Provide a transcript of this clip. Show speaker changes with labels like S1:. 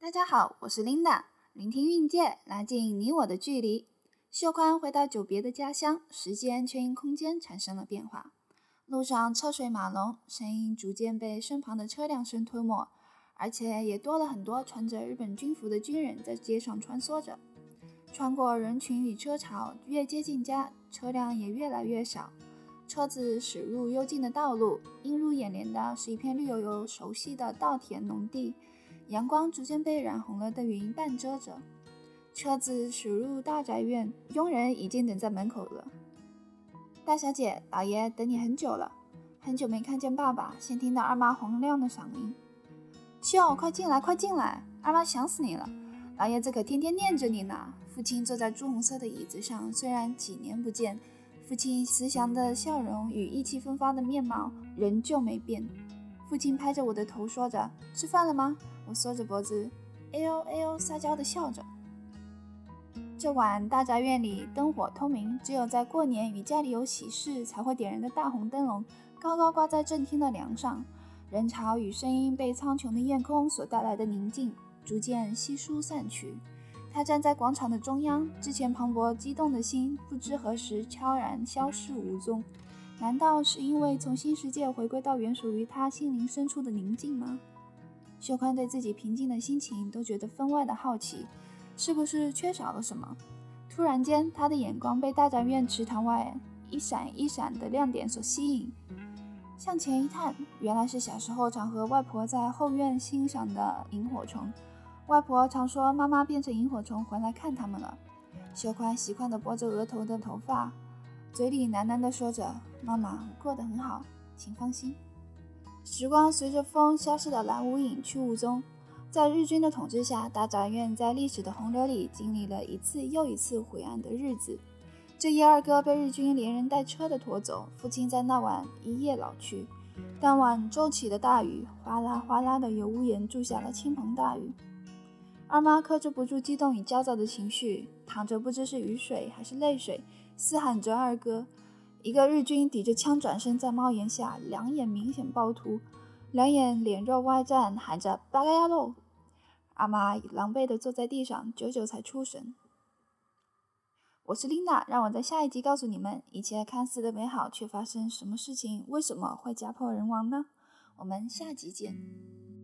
S1: 大家好，我是 Linda，聆聽韻界，拉近你我的距離。秀寬回到久別的家鄉，時間卻因空間產生了變化。路上車水馬龍，聲音逐漸被身旁的車輛聲吞沒，而且也多了很多穿着日本軍服的軍人在街上穿梭着。穿過人群與車潮，越接近家，車輛也越來越少。車子駛入幽靜的道路，映入眼簾的是一片綠油油、熟悉的稻田農地。陽光逐漸被染紅了的雲半遮着。車子駛入大宅院，傭人已經等在門口了。大小姐、老爺等你很久了，很久沒看見爸爸，先聽到二媽洪亮的嗓音：“秀，快進來，快進來！二媽想死你了，老爺這可天天念着你呢。”父親坐在朱紅色的椅子上，雖然幾年不見。父親慈祥的笑容與意氣風發的面貌仍舊沒變。父親拍着我的頭，說着：“吃飯了嗎？”我縮着脖子，哎呦哎呦，撒嬌地笑着。這晚，大宅院裡燈火通明，只有在過年與家裡有喜事才會點燃的大紅燈籠，高高掛在正廳的樑上。人潮與聲音被蒼穹的夜空所帶來的寧靜，逐漸稀疏散去。他站在廣場的中央，之前磅礴激動的心不知何時悄然消失無蹤。難道是因為從新世界回歸到原屬於他心靈深處的寧靜嗎？秀寬對自己平靜的心情都覺得分外的好奇，是不是缺少了什麼？突然間，他的眼光被大宅院池塘外一閃一閃的亮點所吸引，向前一探，原來是小時候常和外婆在後院欣賞的螢火蟲。外婆常說：“媽媽變成螢火蟲回來看他們了。”秀寬習慣地撥着額頭的頭髮，嘴裡喃喃地說着：“媽媽，我過得很好，請放心。”時光隨着風消失得來無影去無蹤。在日軍的統治下，大宅院在歷史的洪流裡經歷了一次又一次灰暗的日子。這夜，二哥被日軍連人帶車的拖走，父親在那晚一夜老去。當晚驟起的大雨，嘩啦嘩啦的由屋檐注下了傾盆大雨。二媽剋制不住激動與焦躁的情緒，淌著不知是雨水還是淚水，嘶喊着“二哥”。一個日軍抵着槍轉身在帽檐下，兩眼明顯暴突，兩眼臉肉外綻，喊着“八嘎呀路”。二媽狼狽地坐在地上，久久才出神。我是琳達，讓我在下一集告訴你們，一切看似的美好，卻發生什麼事情？為什麼會家破人亡呢？我們下集見。